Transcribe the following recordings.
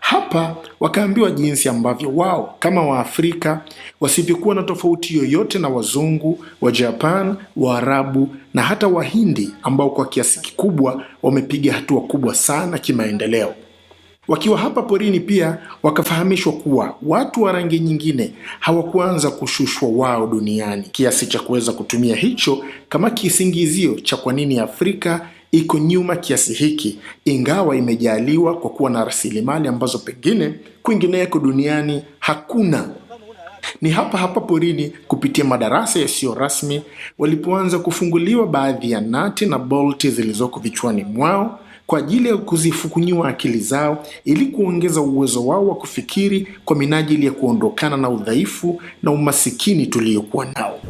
Hapa wakaambiwa jinsi ambavyo wao kama Waafrika wasivyokuwa na tofauti yoyote na wazungu wa Japan, Waarabu na hata Wahindi ambao kwa kiasi kikubwa wamepiga hatua kubwa sana kimaendeleo. Wakiwa hapa porini pia wakafahamishwa kuwa watu wa rangi nyingine hawakuanza kushushwa wao duniani kiasi cha kuweza kutumia hicho kama kisingizio cha kwa nini Afrika iko nyuma kiasi hiki, ingawa imejaliwa kwa kuwa na rasilimali ambazo pengine kwingineko duniani hakuna. Ni hapa hapa porini, kupitia madarasa yasiyo rasmi, walipoanza kufunguliwa baadhi ya nati na bolti zilizoko vichwani mwao kwa ajili ya kuzifukunyiwa akili zao ili kuongeza uwezo wao wa kufikiri kwa minajili ya kuondokana na udhaifu na umasikini tuliokuwa nao.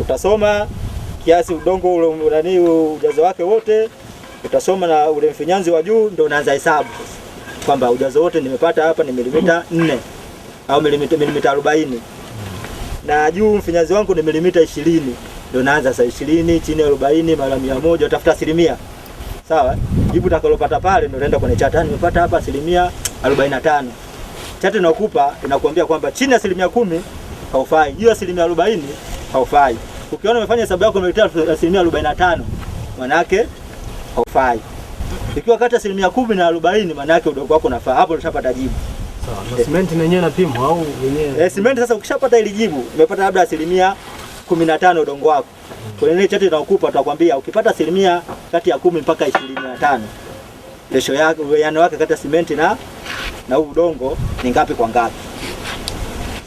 utasoma kiasi udongo ule nani ujazo wake wote utasoma, na ule mfinyanzi wa juu ndio unaanza hesabu kwamba ujazo wote nimepata hapa ni milimita 4 au milimita milimita 40 na juu mfinyanzi wangu ni milimita 20 ndio naanza saa 20 chini 40 mara 100 utafuta asilimia sawa, jibu utakalopata pale ndio unaenda kwenye chata. Nimepata hapa asilimia 45. Chata inakupa inakuambia kwamba chini ya asilimia kumi haufai, juu ya asilimia 40 haufai. Ukiona umefanya hesabu yako umeleta asilimia 45, manake haufai. Ikiwa kati asilimia kumi na 40, manake yake udogo wako unafaa. Hapo utapata jibu. Sawa, na simenti yenyewe inapimwa au yenyewe? Eh, simenti sasa ukishapata ile jibu, umepata labda asilimia kumi na tano udongo wako kwenye ile chati tunakupa, tutakwambia ukipata asilimia kati ya kumi mpaka ishirini na tano lesho yake uwiano wake kati ya simenti na na huu udongo ni ngapi kwa ngapi,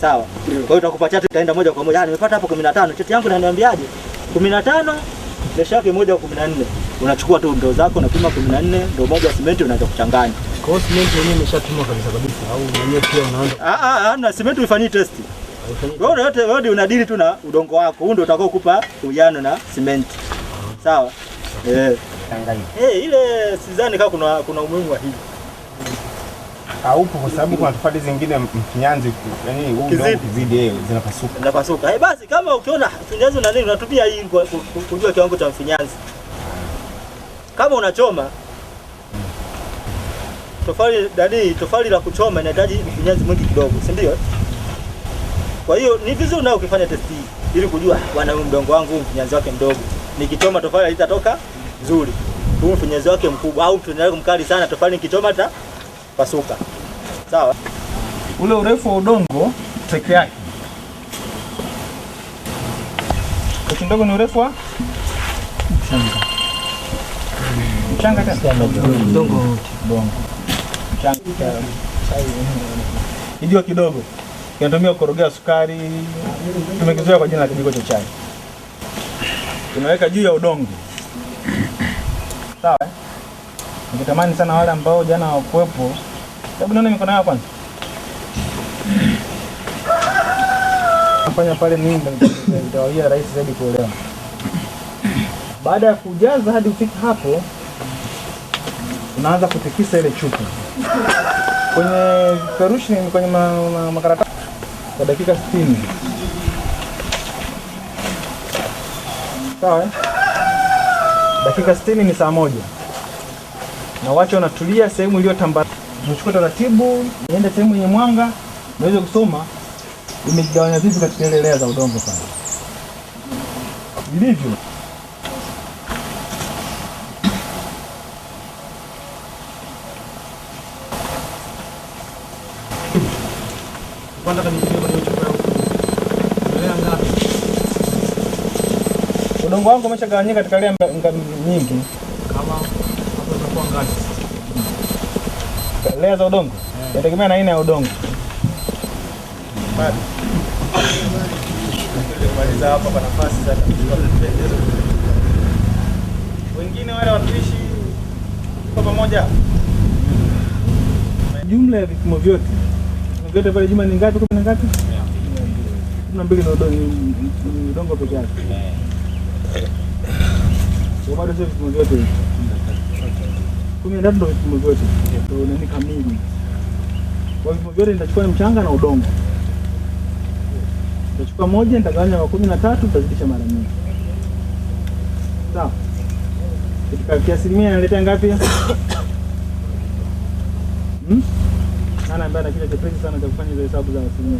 sawa? Kwa hiyo tutakupa chati, utaenda moja kwa moja, ah, nimepata hapo 15 chati yangu inaniambiaje? 15 lesho yake moja kwa 14 unachukua tu ndoo zako unapima 14 ndoo moja ya simenti unaanza kuchanganya. Kwa hiyo simenti yenyewe imeshapimwa kabisa kabisa, au mwenyewe pia unaanza? Ah ah, ah na simenti uifanyii testi wewe yote wewe unadili tu na udongo wako. Huu ndio utakao kupa ujano na simenti. Sawa? Eh. Eh, ile sidhani kama kuna kuna umuhimu wa hili. Haupo kwa sababu kuna tofali zingine mfinyanzi yani huu ndio kizidi yeye eh, zinapasuka. Zinapasuka. Eh, basi kama ukiona mfinyanzi na nini unatupia hii kujua kiwango cha mfinyanzi. Kama unachoma tofali dani tofali la kuchoma inahitaji mfinyanzi mwingi kidogo, si ndio? Kwa hiyo ni vizuri nao ukifanya test hii ili kujua bwana, mdongo wangu mfinyanzi wake mdogo, nikichoma tofali litatoka nzuri, huu mfinyanzi wake mkubwa au mfinyanzi wake mkali sana, tofali nikichoma ta pasuka. Sawa, ule urefu wa udongo peke yake ndogo ni urefu wa mchanga mchanga tena udongo wote mchanga kidogo kinatumia kukorogea sukari, tumekizoea kwa jina la kijiko cha chai. Tunaweka juu ya udongo, sawa. Eh? Nikitamani sana wale ambao jana hawakuwepo, hebu nione mikono yao kwanza, nafanya pale nini, nitawawia rahisi zaidi kuelewa. Baada ya kujaza hadi ufike hapo, unaanza kutikisa ile chupa kwenye perushi, kwenye makaratasi kwa dakika 60. Sawa, eh? dakika 60 ni saa moja, na wache wanatulia sehemu iliyotamba. Nachukua taratibu, niende sehemu yenye mwanga naweza kusoma imejigawanya vipi katika ile za udongo pale ilivyo. mchongo wangu umeshagawanyika katika ile nyingi lea za udongo eh. yategemea na aina ya udongo. Wengine wale watuishi kwa pamoja, jumla ya vipimo vyote vyote pale jumla ni ngapi? Kumi na ngapi? kumi na mbili, na udongo peke yake. Eh bado sio vipimo vyote Kumi na tatu ndio vipimo vyote. Ndio nani kamili. Kwa vipimo vyote nitachukua mchanga na udongo. Nitachukua moja nitagawanya kwa kumi na tatu nitazidisha mara mia. Sawa. Katika kiasi mia ngapi? Hmm? Nani ambaye ana kile sana cha kufanya hizo hesabu za asilimia?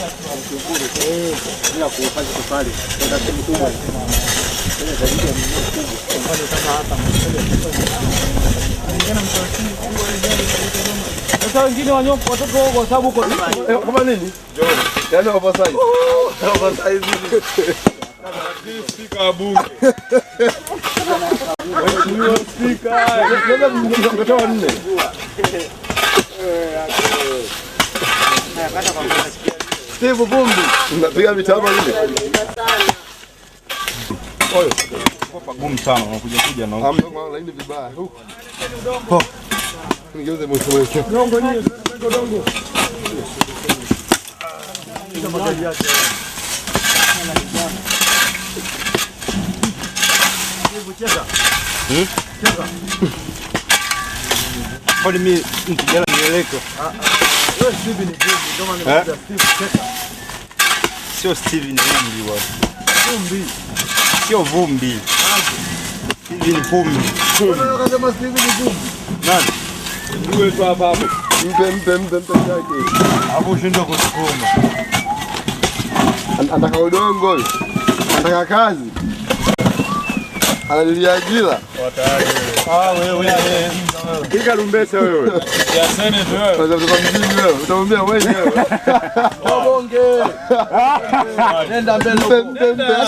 bila kuhifadhi tofali kwa taratibu kubwa sasa wengine wanyoko watoto kwa sababu kama nini? Yaani oversize. nne. Steve Vumbi. Unapiga mitama ile. Oyo. Kopa gumu sana unakuja kuja na huko. Laini vibaya huko. Nigeuze mwisho Dongo dongo. Hmm? Kwa nini Ah ah. Sio Steven vumbi Vumbi. Sio vumbi. Steven vumbi. Nani? Wewe tu hapa hapo. Mpe mpe mpe mpe yake. Hapo shindwa kusukuma. Anataka udongo. Anataka kazi. Analilia Ah wewe wewe. Kika lumbesa wewe. Ya tu wewe. Sasa tutamjini wewe. Utamwambia wewe Wabonge. Nenda mbele. Nenda.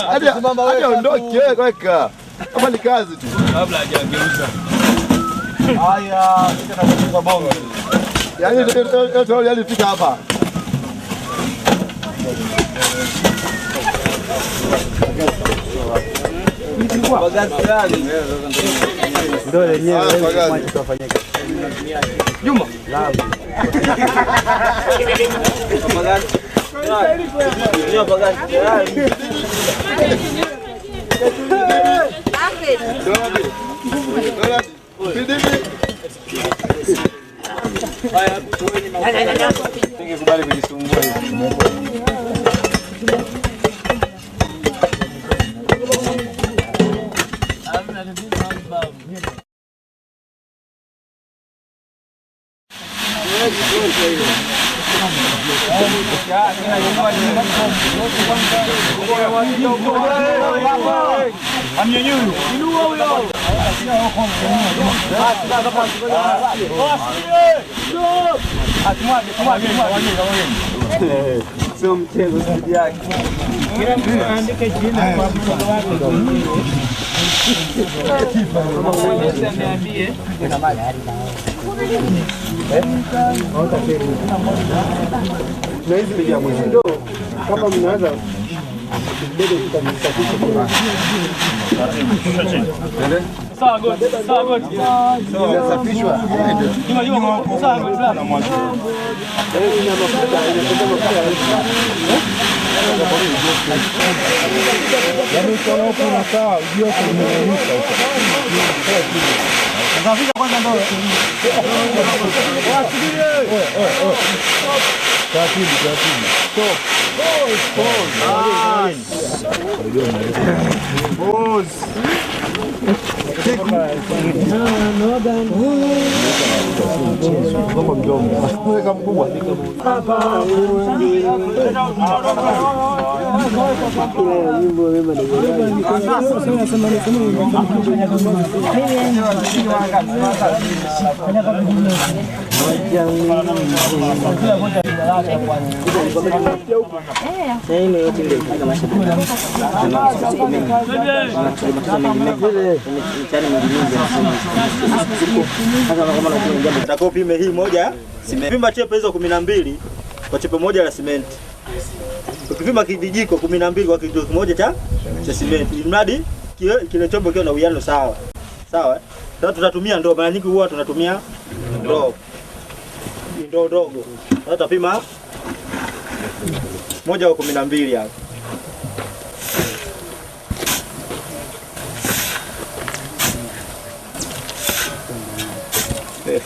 Hadi ondoke weka. Kama ni kazi tu. Kabla hajageuza. Haya, nika nakufunga bongo. Yaani ndio yaani fika hapa. Bagazi gani? ndio lenyewe tutafanyika. Juma. Haya. Sio mchezo spidi yake. Kila mtu aandike jina kwa mkono wake na hizi ligi ya mwezi ndio kama mnaanza kidogo tutamsafisha. Sawa goti. Sawa goti. Sawa safishwa. Sawa goti. Yaani ukiona 爸爸，你。Nataka upime hii moja, pima chepe hizo kumi na mbili kwa chepe moja la simenti tukipima kivijiko kumi na mbili kwa kijiko kimoja cha cha simenti, mradi kile chombo kiwe na uwiano sawa sawa. Eh? Sasa tutatumia ndoo, mara nyingi huwa tunatumia ndoo ndoo ndogo. Sasa tutapima moja kwa kumi na mbili hapo eh,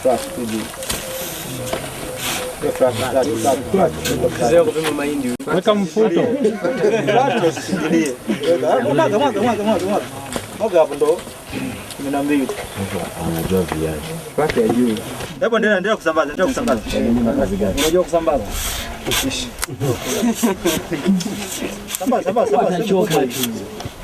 Weka mfuto. kumi na mbili. Anajua viazi. Wake ndio ndio kusambaza, ndio kusambaza. Unajua kusambaza? Sambaza, sambaza, sambaza.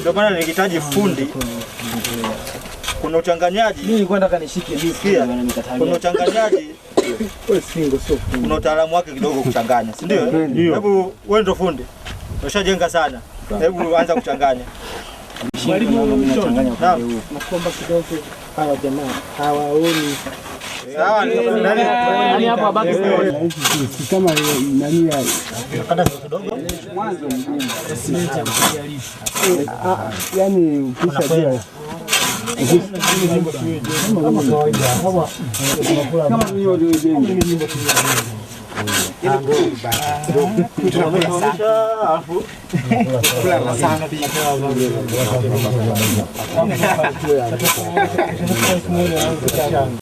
Ndio maana nikihitaji fundi kuna uchanganyaji. Mimi Kuna uchanganyaji. Kuna utaalamu wake kidogo kuchanganya, si ndio? Hebu wewe ndio fundi. Ushajenga sana. Hebu anza kuchanganya. Mwalimu, nakuomba kidogo, hawa jamaa hawaoni Ah, ah. Ah, yani ukisha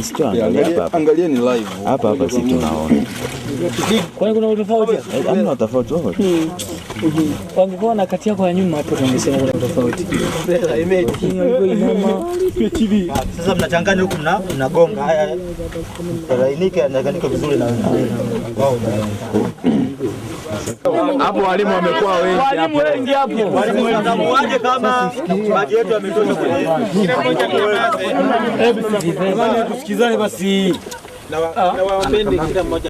Sio, angalia ni live hapa hapa, si tunaona. kwani kuna tofauti? Eh, hamna tofauti wote wangekuwa na kati yako ya nyuma hapo, tungesema kuna tofauti. Sasa mnachanganya huku, mnagonga hapo walimu wamekuwa wengi hapo. Walimu watamuaje kama maji yetu yametosha Tusikizane basi na waombe kila mmoja